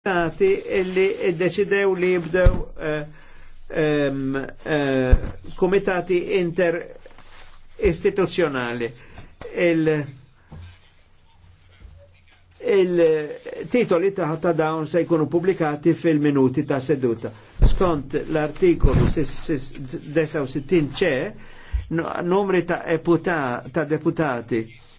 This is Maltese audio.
stati illi deċidew li jibdew eh, eh, komitati inter istituzjonali. Il, il-titoli ta', ta dawn se jkunu pubblikati fil-minuti ta' seduta. Skont l-artikolu 69 c numri ta deputati